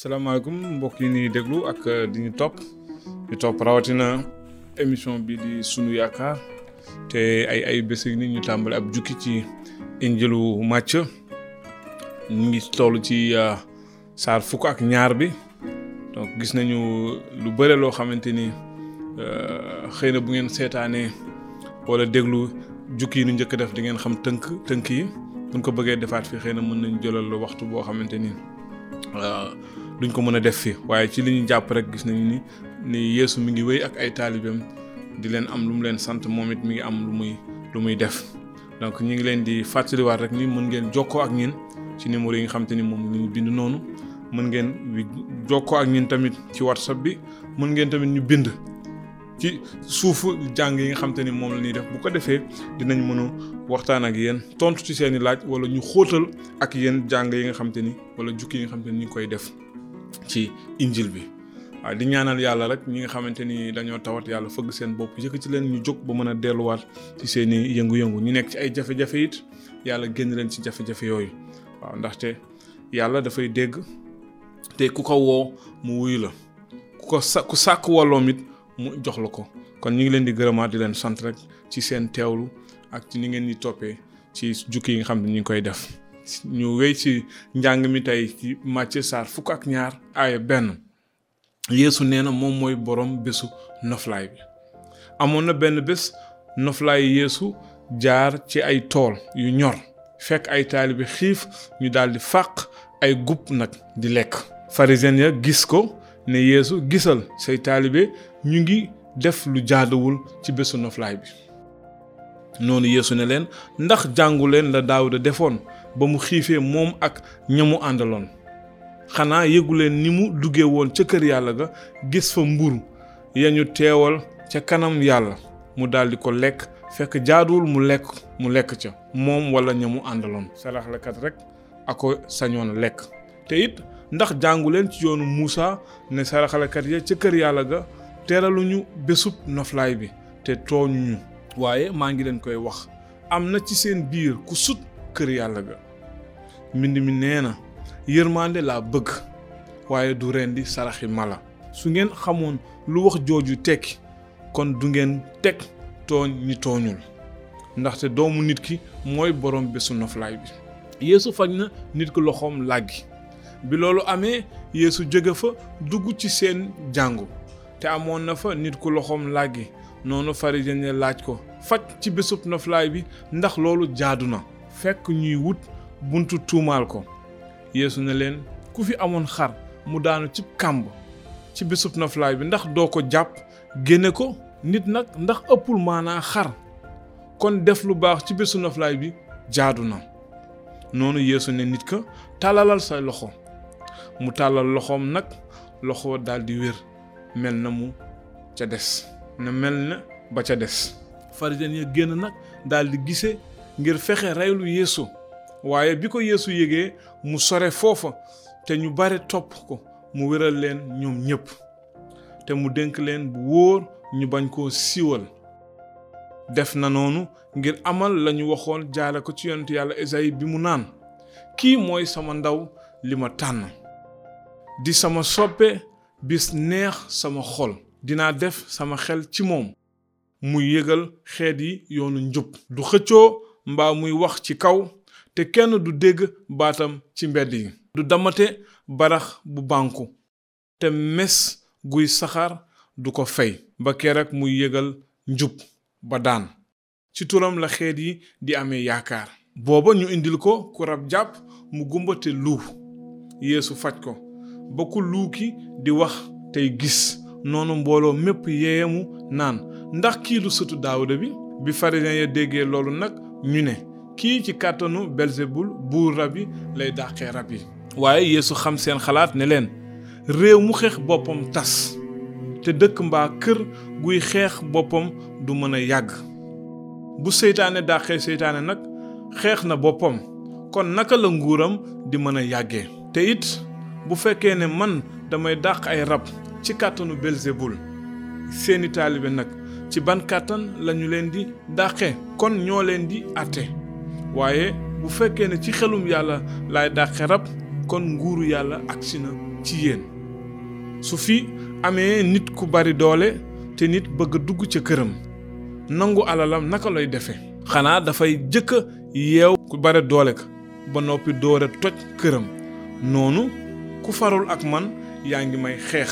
salaamaaleykum mbokk yi ñuy déglu ak di ñu topp di topp rawatina émission bi di sunu yaakaar te ay ay bés ni ñu ab jukki ci injilu màcc ñu ngi toll ci ya, saar fukk ak ñaar bi donc gis nañu lu bëre loo xamante ni euh, xëy na bu ngeen seetaanee wala déglu jukki ñu njëkk def di ngeen xam tënk tënk yi buñ ko bëggee defaat fi xëy na mën nañ jëlal waxtu boo xamante ni euh, duñ ko mën a def fi waaye ci li ñu jàpp rek gis nañu ni ni yeesu mi ngi wéy ak ay taalibeem di leen am lu mu leen sant moom mi ngi am lu muy lu muy def donc ñu ngi leen di fàttaliwaat rek ni mën ngeen jokkoo ak ñin ci numéro yi nga xam te ni moom la ñu bind noonu mën ngeen jokkoo ak ñin tamit ci whatsapp bi mën ngeen tamit ñu bind ci suufu jàng yi nga xam ni moom la ñuy def bu ko defee dinañ mën a waxtaan ak yéen tontu ci seen i laaj wala ñu xóotal ak yéen jàng yi nga wala jukki yi nga ñu koy def ci injil bi di ñaanal yàlla rek ñi nga xamante ni dañoo tawat yàlla fëgg seen bopp yëkk ci leen ñu jóg ba mën a delluwaat ci seen i yëngu-yëngu ñu nekk ci ay jafe-jafe it yàlla génn leen ci jafe-jafe yooyu waaw ndaxte yàlla dafay dégg te ku ko woo mu wuy la ku ko sa ku sàkk wolloom it mu jox la ko kon ñu ngi leen di gërëmaat di leen sant rek ci seen teewlu ak ci ni ngeen ni toppee ci jukki yi nga xam ne ñu ngi koy def ñu wéy ci njàng mi tey ci Matthieu saar fukk ak ñaar aaya benn yeesu nee moom mooy boroom bésu noflaay bi amoon na benn bés noflaay yéesu jaar ci ay tool yu ñor fekk ay taalibe xiif ñu daldi fàq ay gub nag di lekk pharisien ya gis ko ne yéesu gisal say taalibe ñu ngi def lu jaaduwul ci bésu noflaay bi noonu yéesu ne leen ndax jàngu leen la daawuda defoon ba mu xiifee moom ak ñamu àndaloon xanaa yëguleen ni mu duggee woon ca kër yàlla ga gis fa mburu ya teewal ca kanam yàlla mu daldi ko lekk fekk jaaduwul mu lekk mu lekk ca moom wala ñamu mu àndaloon saraxlakat rek ako sañoon lekk te it ndax jàngu leen ci yoonu Muusa ne saraxalakat ya ca kër yàlla ga teeraluñu bésub noflaay bi te tooñuñu waaye maa ngi leen koy wax am na ci seen biir ku sut kër yàlla ga mbind mi nee na yërmande laa bëgg waaye du rendi saraxi mala su ngeen xamoon lu wax jooju tekki kon du ngeen teg tooñ ñi tooñul ndaxte doomu nit ki mooy borom bésu noflaay bi yeesu faj na nit ku loxoom làggi bi loolu amee yéesu jóge fa dugg ci seen jàngu te amoon na fa nit ku loxoom làggi noonu farisen laaj ko faj ci bésu noflaay bi ndax loolu jaadu na fekk ñuy wut buntu tuumaal ko yéesu ne leen ku fi amoon xar mu daanu ci kàmb ci bésub noflaay bi ndax doo ko jàpp génne ko nit nag ndax ëppul maanaa xar kon def lu baax ci bésu noflaay bi jaadu na noonu yéesu ne nit ka tàllalal sa loxo mu tàllal loxoom nag loxo daldi wér mel na mu ca des ne mel na ba ca des farisen ya génn nag daldi gise ngir fexe reylu yéesu waaye bi ko yéesu yëgee mu sore foofa te ñu bare topp ko mu wéral leen ñoom ñépp te mu dénk leen bu wóor ñu bañ koo siiwal def na noonu ngir amal lañu waxoon jaare ko ci yonent yàlla Esayi bi mu naan kii mooy sama ndaw li ma tànn di sama soppe bis neex sama xol dinaa def sama xel ci moom muy yëgal xeet yi yoonu njub du xëccoo mbaa muy wax ci kaw te kenn du dégg baatam ci mbedd yi du damate barax bu bànku te mes guy saxaar du ko fey ba keroog muy yëgal njub ba daan ci turam la xeet yi di amee yaakaar booba ñu indil ko ku rab jàpp mu gumbate luu yéesu faj ko ba ku luuki di wax tey gis noonu mbooloo mépp yeeyemu naan ndax kii du sëtu daawuda bi bi farisiyen ya déggee loolu nag ñu ne kii ci kàttanu belzebul buur rab yi lay dàqee rab yi waaye yeesu xam seen xalaat ne leen réew mu xeex boppam tas te dëkk mbaa kër guy xeex boppam du mën a yàgg bu seytaane dàqee seytaane nag xeex na boppam kon naka la nguuram di mën a yàggee te it bu fekkee ne man damay dàq ay rab ci kàttanu belzebul seeni taalibe nag ci ban kàttan lañu leen di dàqe kon ñoo leen di àtte waaye bu fekkee ne ci xelum yàlla lay dàqe rab kon nguuru yàlla agsi na ci yéen su fi amee nit ku bari doole te nit bëgg dugg ca këram nangu alalam naka lay defee xanaa dafay jëkk a yeew ku bare doole ka ba noppi doore toj këram noonu ku farul ak man yaa ngi may xeex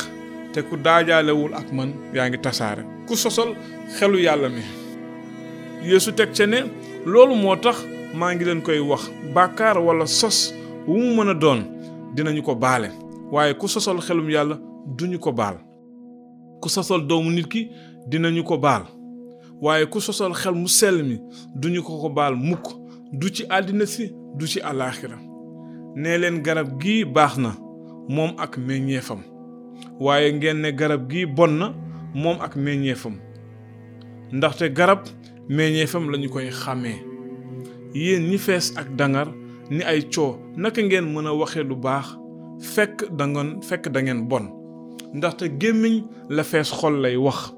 te ku daajalewul ak man yaa ngi tasaare ku sosal xelu yàlla mi Yeesu teg ca loolu moo tax maa ngi leen koy wax bàkkaar wala sos wu mu mën a doon dinañu ko baale waaye ku sosal xelum yàlla duñu ko baal ku sosal doomu nit ki dinañu ko baal waaye ku sosal xel mu sell mi duñu ko ko baal mukk du ci àddina si du ci àllaaxira nee leen garab gii baax na moom ak meññeefam waaye ngeen ne garab gii bon na moom ak meññeefam ndaxte garab meññeefam lañu koy xàmmee yéen ñi fees ak dangar ni ay coo naka ngeen mën a waxe lu baax fekk da ngeen fekk da ngeen bon ndaxte gémmiñ la fees xol lay wax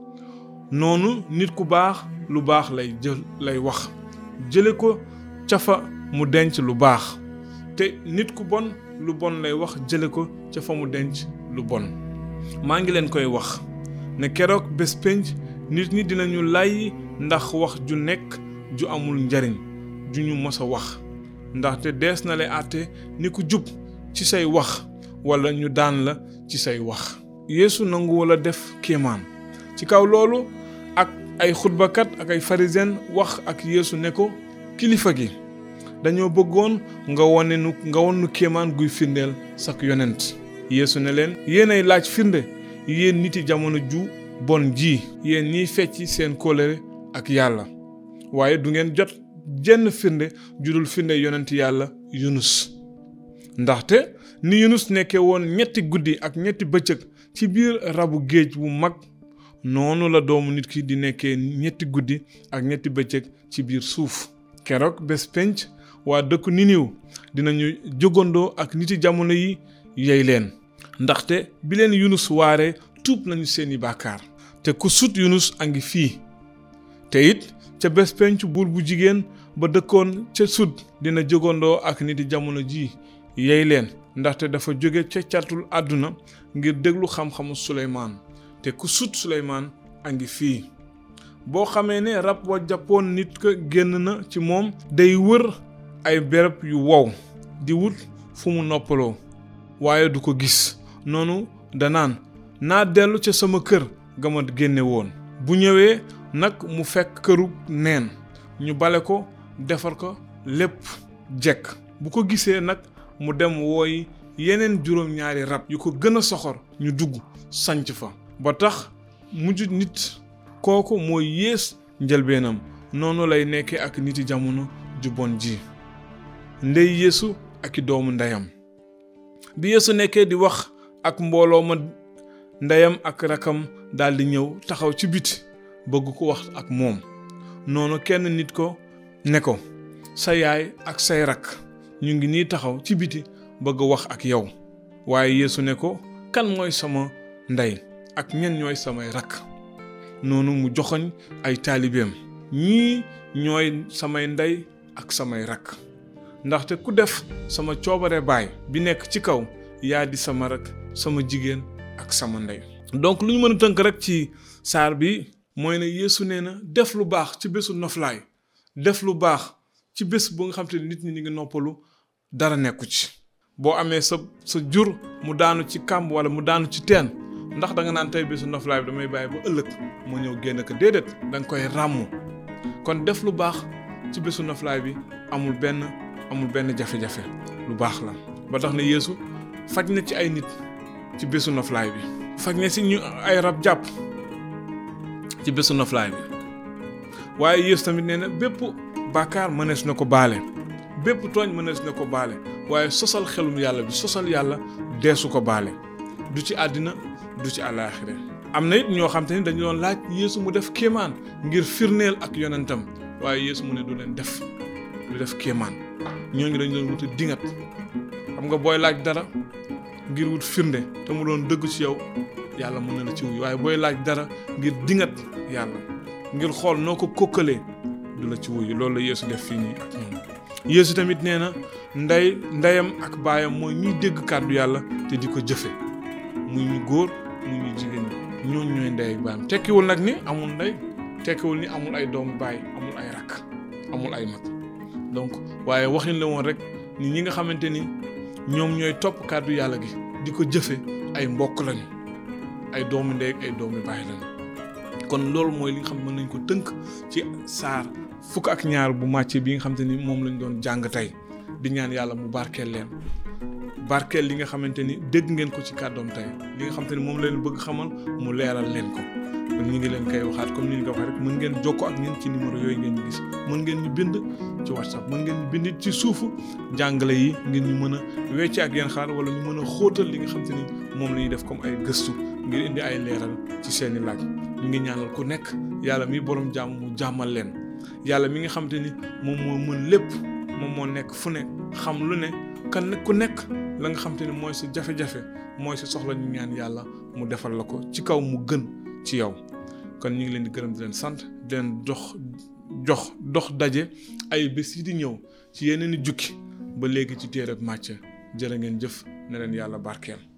noonu nit ku baax lu baax lay jël lay wax jële ko ca fa mu denc lu baax te nit ku bon lu bon lay wax jële ko ca fa mu denc lu bon maa ngi leen koy wax ne keroog bés pénc nit ñi dinañu làyyi ndax wax ju nekk ju amul njariñ juñu mësa wax ndaxte dees na le àtte ni ku jub ci say wax wala ñu daan la ci say wax yeesu nangu wala def kéemaan ci kaw loolu ak ay xutbakat ak ay pharisien wax ak yeesu ne ko kilifa gi dañoo bëggoon nga wone nu nga won nu kéemaan guy firndeel sak yonent yeesu ne leen yéenay laaj firnde yéen niti jamono ju bon ji yéen ñiy fecc seen ak yàlla waaye du ngeen jot jenn firnde judul firnde yonent yàlla yunus ndaxte ni yunus nekke woon ñetti guddi ak ñetti bëccëg ci biir rabu géej bu mag noonu la doomu nit ki di nekkee ñetti guddi ak ñetti bëccëg ci biir suuf keroog bés waa dëkku niniw dinañu jógandoo ak niti jamono yi yey leen ndaxte bi leen yunus waare tuub nañu seeni bàkkaar te ku sut yunus a ngi fii te ca bés buur bu jigéen ba dëkkoon ca sud dina jogondoo ak niti jamono ji yey leen ndaxte dafa jóge ca catul àdduna ngir déglu xam-xamu suleymaan te ku sut suleymaan a ngi fii boo xamee ne rab wa jàppoon nit ka génn na ci moom day wër ay bereb yu wow di wut fu mu noppaloo waaye du ko gis noonu danaan naa dellu ca sama kër gama génne woon bu ñëwee nag mu fekk kërug neen ñu bale ko defar ko lépp jekk bu ko gisee nag mu dem woy yeneen juróom-ñaari rab yu ko gën a soxor ñu dugg sanc fa ba tax mujj nit kooku mooy yées njëlbéenam noonu lay nekke ak niti jamono ju bon ji ndey yéesu ak i doomu ndeyam bi yeesu nekkee di wax ak mbooloo ma ndeyam ak rakam daldi ñëw taxaw ci biti bëgg ko wax ak moom noonu kenn nit ko ne ko sa yaay ak say rakk ñu ngi nii taxaw ci biti bëgg wax ak yow waaye yéesu ne ko kan mooy sama ndey ak ñen ñooy samay rakk noonu mu joxoñ ay taalibeem ñii ñooy samay ndey ak samay rakk ndaxte ku def sama coobare baay bi nekk ci kaw yaa di sama rakk sama jigéen ak sama ndey donc lu ñu mën a tënk rek ci saar bi mooy na yéesu nee na def lu baax ci bésu noflaay def lu baax ci bés bu nga xam te nit ñi ni nga noppalu dara nekku ci boo amee sa sa jur mu daanu ci kàmb wala mu daanu ci teen ndax da nga naan tey bisu noflaay bi damay bàyyi ba ëllëg ma ñëw génn ko déedéet da nga koy ràmm kon def lu baax ci bisu noflaay bi amul benn amul benn jafe-jafe lu baax la ba tax ne yeesu faj na ci ay nit ci bisu noflaay bi faj na si ñu ay rab jàpp ci noflaay bi waaye yées tamit nee na bépp bàkkaar mënees na ko baale bépp tooñ mënees na ko baale waaye sosal xelum yàlla bi sosal yàlla deesu ko baale du ci àddina du ci àllaaxira am na it ñoo xam te ni dañu doon laaj yeesu mu def kéemaan ngir firneel ak yonentam waaye yéesu mu ne du leen def du def kéemaan ñoo ngi dañu doon wuti dingat xam nga booy laaj dara ngir wut firnde te mu doon dëgg ci yow yàlla mën na la ci wuyu waaye booy laaj dara ngir dingat yàlla ngir xool noo ko kokkalee du la ci wuyu loolu la Yeesu def fii nii ak ñoom hmm. Yeesu tamit nee na ndey ndeyam ak baayam mooy ñuy dégg kàddu yàlla te di ko jëfe mu ñu góor mu ñu jigéen ñi ñooñu ñooy ndey ak baayam tekkiwul nag ni amul ndey tekkiwul ni amul ay doomu baay amul ay rakk amul ay mag donc waaye waxin la woon rek ni ñi nga xamante ni ñoom ñooy topp kàddu yàlla gi di ko jëfe ay mbokk lañu ay doomi ndey ak ay doomi baay lañu kon loolu mooy li nga xam mën nañ ko tënk ci saar fukk ak ñaar bu màcce bi nga xam ni moom lañ doon jàng tey di ñaan yàlla mu barkeel leen barkeel li nga xamante ni dégg ngeen ko ci kàddoom tey li nga xam te ni moom leen bëgg xamal mu leeral leen ko kon ñu ngi leen kay waxaat comme ñu ko waxee rek mën ngeen jokko ak ñun ci numéro yooyu ngeen gis mën ngeen ñu bind ci whatsapp mën ngeen ñu bind ci suufu jàngale yi ngeen ñu mën a wecce ak yeen xaar wala ñu mën a xóotal li nga xam te ni moom la ñuy def comme ay gëstu ngir indi ay leeral ci seeni laaj ñu ngi ñaanal ku nekk yàlla mi borom jàmm mu jàmmal leen yàlla mi nga xam te ni moom moo mën lépp moom moo nekk fu ne xam lu ne kan ku nekk la nga xam te ni mooy sa jafe-jafe mooy sa soxla ñu ñaan yàlla mu defal la ko ci kaw mu gën ci yow kon ñu ngi leen di gërëm di leen sant di leen dox jox dox daje ay bés yi di ñëw ci yeneen i jukki ba léegi ci téereb Macë jërë ngeen jëf ne leen yàlla barkeel